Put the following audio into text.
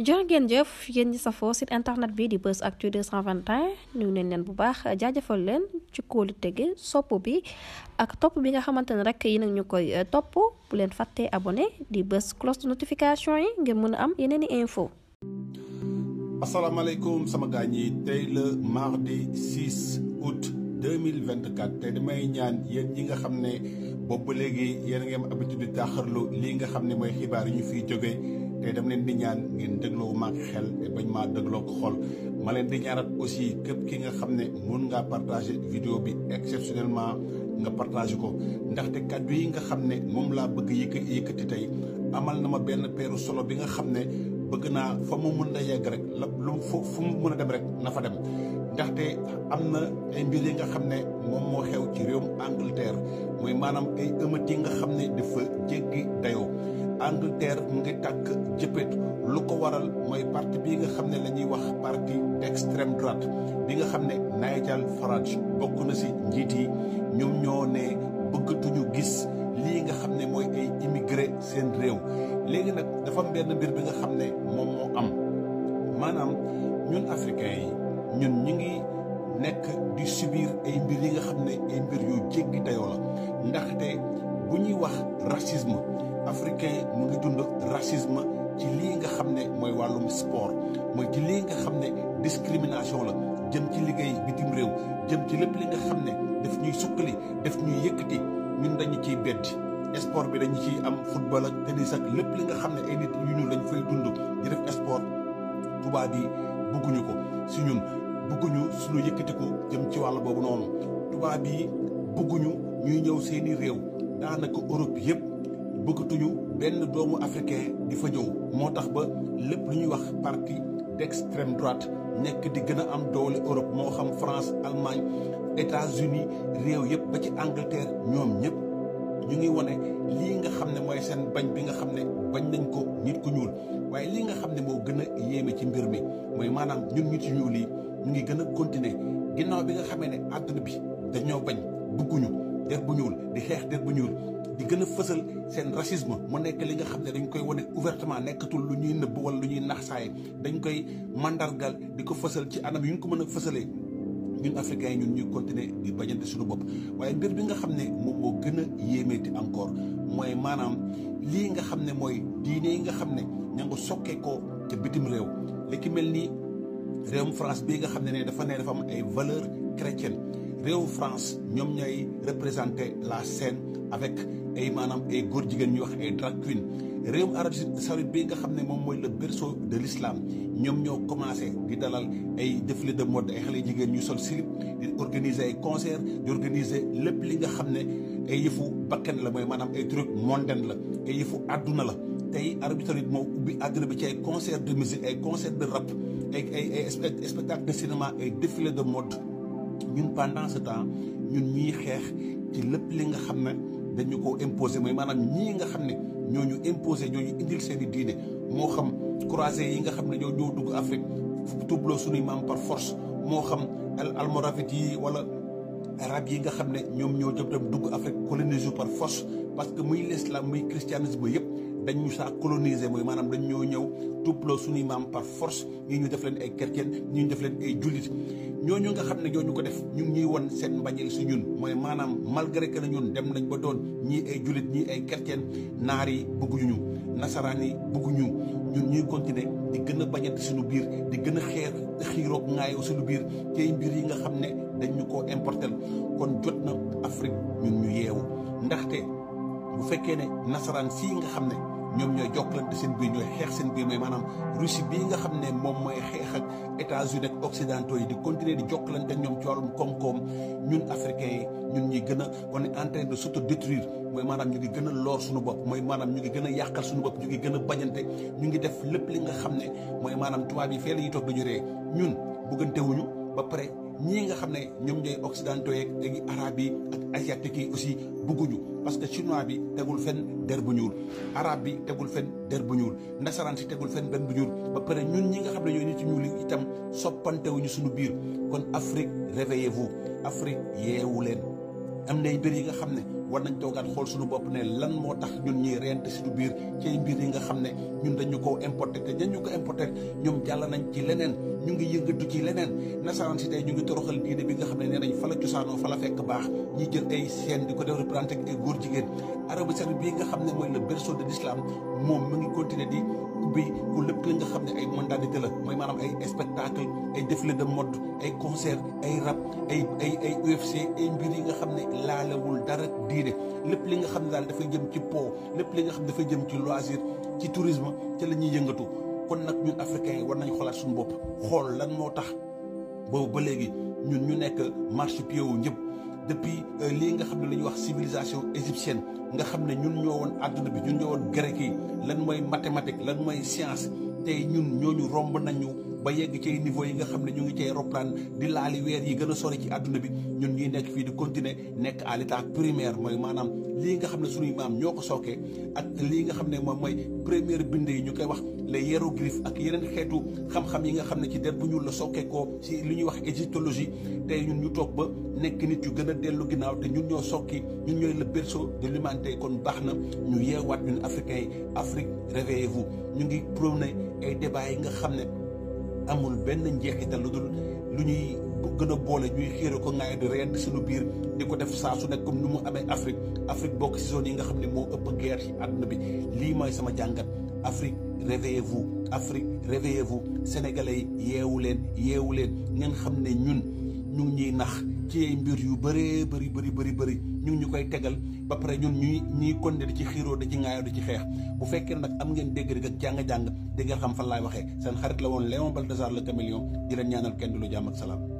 jërë ngeen jëf yéen ñi safoo site internet bi di Buzz Actu 221 ñu neen leen bu baax jaajëfal leen ci kóolu tege sopp bi ak topp bi nga xamante ne rek yi nag ñu koy eh, topp bu leen fàttee abone di bës cloche de notification yi ngir mën a am yeneen i info asalaamaaleykum sama gaañ yi tey la mardi 6 août 2024 tey damay ñaan yéen ñi nga xam ne ba léegi yéen a ngi am habitude di taaxarlu lii nga xam ne mooy xibaar yi ñu fiy jógee te dama leen di ñaan ngeen dégloo maak xel te bañ maa dégloo ko xol ma leen di ñaanat aussi képp ki nga xam ne mun ngaa partager vidéo bi exceptionnellement nga partager ko ndaxte kàddu yi nga xam ne moom laa bëgg yëkk yëkkati tey amal na ma benn peeru solo bi nga xam ne bëgg naa fa mu mën a yegg rek la lu fu mu mën a dem rek na fa dem ndaxte am na ay mbir yi nga xam ne moom moo xew ci réewum Angleterre mooy maanaam ay ëmmët yi nga xam ne dafa jéggi dayoo Angleterre mu ngi tàkk jëppët lu ko waral mooy parti bi nga xam ne la ñuy wax parti d'extrême droite bi nga xam ne Nigel Farage bokk na ci njiit yi ñoom ñoo ne bëggatuñu gis lii nga xam ne mooy ay immigré seen réew léegi nag dafa am benn mbir bi nga xam ne moom moo am maanaam ñun africains yi ñun ñu ngi nekk di subir ay mbir yi nga xam ne ay mbir yu jéggi dayoo la ndaxte bu ñuy wax racisme africain mu ngi dund racisme ci lii nga xam ne mooy wàllum sport mooy ci lii nga xam ne discrimination la jëm ci liggéey bitim réew jëm ci lépp li nga xam ne def ñuy sukkali daf ñuy yëkkati ñun dañu ciy betti sport bi dañu ciy am football ak tennis ak lépp li nga xam ne ay nit yu ñu lañ fay dund di def sport tubaab yi bëgguñu ko si ñun bëgguñu suñu jëm ci wàll boobu noonu tubaab yi bëgguñu ñuy ñëw seeni réew daanaka Europe yëpp bëggatuñu benn doomu africain di fa ñëw moo tax ba lépp lu ñuy wax parti d'extrême droite nekk di gën a am doole Europe moo xam France Allemagne états uni réew yëpp ba ci Angleterre ñoom ñëpp ñu ngi wane lii nga xam ne mooy seen bañ bi nga xam ne bañ nañ ko nit ku ñuul waaye lii nga xam ne moo gën a yéeme ci mbir mi mooy maanaam ñun ñu ci ñuul yi ñu ngi gën a continuer ginnaaw bi nga xamee ne àdduna bi dañoo bañ bëgguñu der bu ñuul di xeex der bu ñuul di gën a fësal seen racisme mu nekk li nga xam ne dañ koy wane ouvertement nekkatul lu ñuy nëbb wala lu ñuy naxsaaye dañ koy mandargal di ko fësal ci anam yu ñu ko mën a fësalee ñun africains yi ñun ñuy continuer di bañante suñu bopp waaye mbir bi nga xam ne moom moo gën a yéemeeti encore mooy maanaam lii nga xam ne mooy diine yi nga xam ne ña nga sokkee koo ca bitim réew li ki mel ni réewum France bi nga xam ne ne dafa ne dafa am ay valeur chrétienne réew France ñoom ñooy représenter la scène avec ay maanaam ay góor jigéen ñuy wax ay drag réew Arabie Saoudite bi nga xam ne moom mooy la berceau de l'islam ñoom ñoo commencé di dalal ay défilé de mode ay xale jigéen ñu sol slip di organiser ay concert di organiser lépp li nga xam ne ay yëfu bakken la mooy maanaam ay truc mondain la ay yëfu àdduna la tey Arabie Saoudite moo ubbi àdduna bi ci ay concert de musique ay concert de rap ay ay ay spectacle de cinéma ay défilé de mode ñun pendant ce temps ñun ñuy xeex ci lépp li nga xam ne dañu ko imposer mooy maanaam ñii nga xam ne ñoo ñu imposer ñoo ñu indil seen i diine moo xam croisés yi nga xam ne ñoo ñoo dugg Afrique tubloo suñuy maam par force moo xam al almoravide yi wala arab yi nga xam ne ñoom ñoo jëm dem dugg Afrique coloniser par force parce que muy l'islam muy christianisme yëpp. dañ saa coloniser mooy maanaam dañu ñoo ñëw tupploo suñuy maam par force ñii ñu def leen ay chrétien ñii ñu def leen ay jullit ñooñu nga xam ne ñu ko def ñu ngi ñuy won seen mbañeel si ñun mooy maanaam malgré na ñun dem nañ ba doon ñii ay jullit ñii ay chrétien naar yi bëgguñu ñu nasaraan yi bëgguñu ñun ñu continuer di gën a bañante suñu biir di gën a xeer xiiroog ŋaayoo suñu biir tey mbir yi nga xam ne dañu ñu koo importer kon jot na Afrique ñun ñu yeewu ndaxte bu fekkee ne nasaraan sii nga xam ne ñoom ñooy jokkalante seen biir ñooy xeex seen biir mooy maanaam Russie bii nga xam ne moom mooy xeex ak États-Unis ak Occidentaux yi di continuer di jokkalante ak ñoom ci wàllum koom-koom ñun africains yi ñun ñuy gën a on est en train de s'autodétruire mooy maanaam ñu ngi gën a loor suñu bopp mooy maanaam ñu ngi gën a yàqal suñu bopp ñu ngi gën a bañante ñu ngi def lépp li nga xam ne mooy maanaam tubaab yi fee la ñuy toog dañu ree ñun bëggante ba pare ñii nga xam ne ñoom ñooy occidentaux yeeg léegi arabe yi ak asiatique yi aussi bëgguñu parce que chinois bi tegul fenn der bu ñuul arabe bi tegul fenn der bu ñuul nasaraan si tegul fenn benn bu ñuul ba pare ñun ñi nga xam ne ñooy nit ñuul itam soppantewuñu suñu biir kon Afrique réveillez-vous Afrique yeewu leen am nay mbir yi nga xam ne war nañ toogaat xool suñu bopp ne lan moo tax ñun ñuy rente suñu biir ci mbir yi nga xam ne ñun dañu ko importe te dañu ko importé ñoom jàll nañ ci leneen ñu ngi yëngatu ci leneen nasaraan si tey ñu ngi toroxal diine bi nga xam ne nee nañ fa la cosaanoo fa la fekk baax ñi jël ay seen di ko def représenté ak ay góor jigéen arabu saoudite bi nga xam ne mooy le berceau de l'islam moom mu ngi continuer di ubbi ku lépp li nga xam ne ay mondanité la mooy maanaam ay spectacle ay défilé de mode ay concert ay rap ay ay ay UFC ay mbir yi nga xam ne laalewul dara diine lépp li nga xam ne daal dafay jëm ci po lépp li nga xam ne dafay jëm ci loisir ci tourisme ci la ñuy yëngatu kon nag ñun africains yi war nañ xoolaat suñu bopp xool lan moo tax boobu ba léegi ñun ñu nekk marche pied wu ñëpp depuis euh, lii nga xam ne la ñuy wax civilisation égyptienne nga xam ne ñun ñoo woon àdduna bi ñun ñoo woon grec lan mooy mathématique lan mooy science tey ñun ñooñu romb nañu ba yegg cay niveau yi nga xam ne ñu ngi cay roplaan di laali weer yi gëna a sori ci àdduna bi ñun ñuy nekk fii di continuer nekk à l'état mooy maanaam lii nga xam ne suñuy maam ñoo ko sookee ak lii nga xam ne moom mooy première bind yi ñu koy wax les hiéroglyphes ak yeneen xeetu xam-xam yi nga xam ne ci der bu ñuul la sokkee ko ci li ñuy wax égyptologie tey ñun ñu toog ba nekk nit yu gën a dellu ginnaaw te ñun ñoo sooki ñun ñooy la berceau de l'humanité kon baax na ñu yeewaat ñun africains yi Afrique réveillez-vous ñu ngi prôné ay débats yi nga xam ne amul benn njeexital lu dul lu ñuy gën a boole ñuy xiiroo ko ngaay di reyandi suñu biir di ko def saa su nekk comme ni mu amee Afrique Afrique bokk ci zone yi nga xam ne moo ëpp guerre ci àdduna bi lii mooy sama jàngat Afrique réveillez-vous Afrique réveillez-vous sénégalais yi yeewu leen yeewu leen ngeen xam ne ñun. ñu ngi ñuy nax ci ay mbir yu bëree bëri bëri bëri bëri ñu ñu koy tegal ba pare ñun ñuy ñuy konde di ci xiiroo di ci ŋaayoo di ci xeex bu fekkee nag am ngeen dégg rek ak jàng-jàng di xam fan laay waxee seen xarit la woon Léon Baltasar le caméléon di leen ñaanal kenn du lu jàmm ak salaam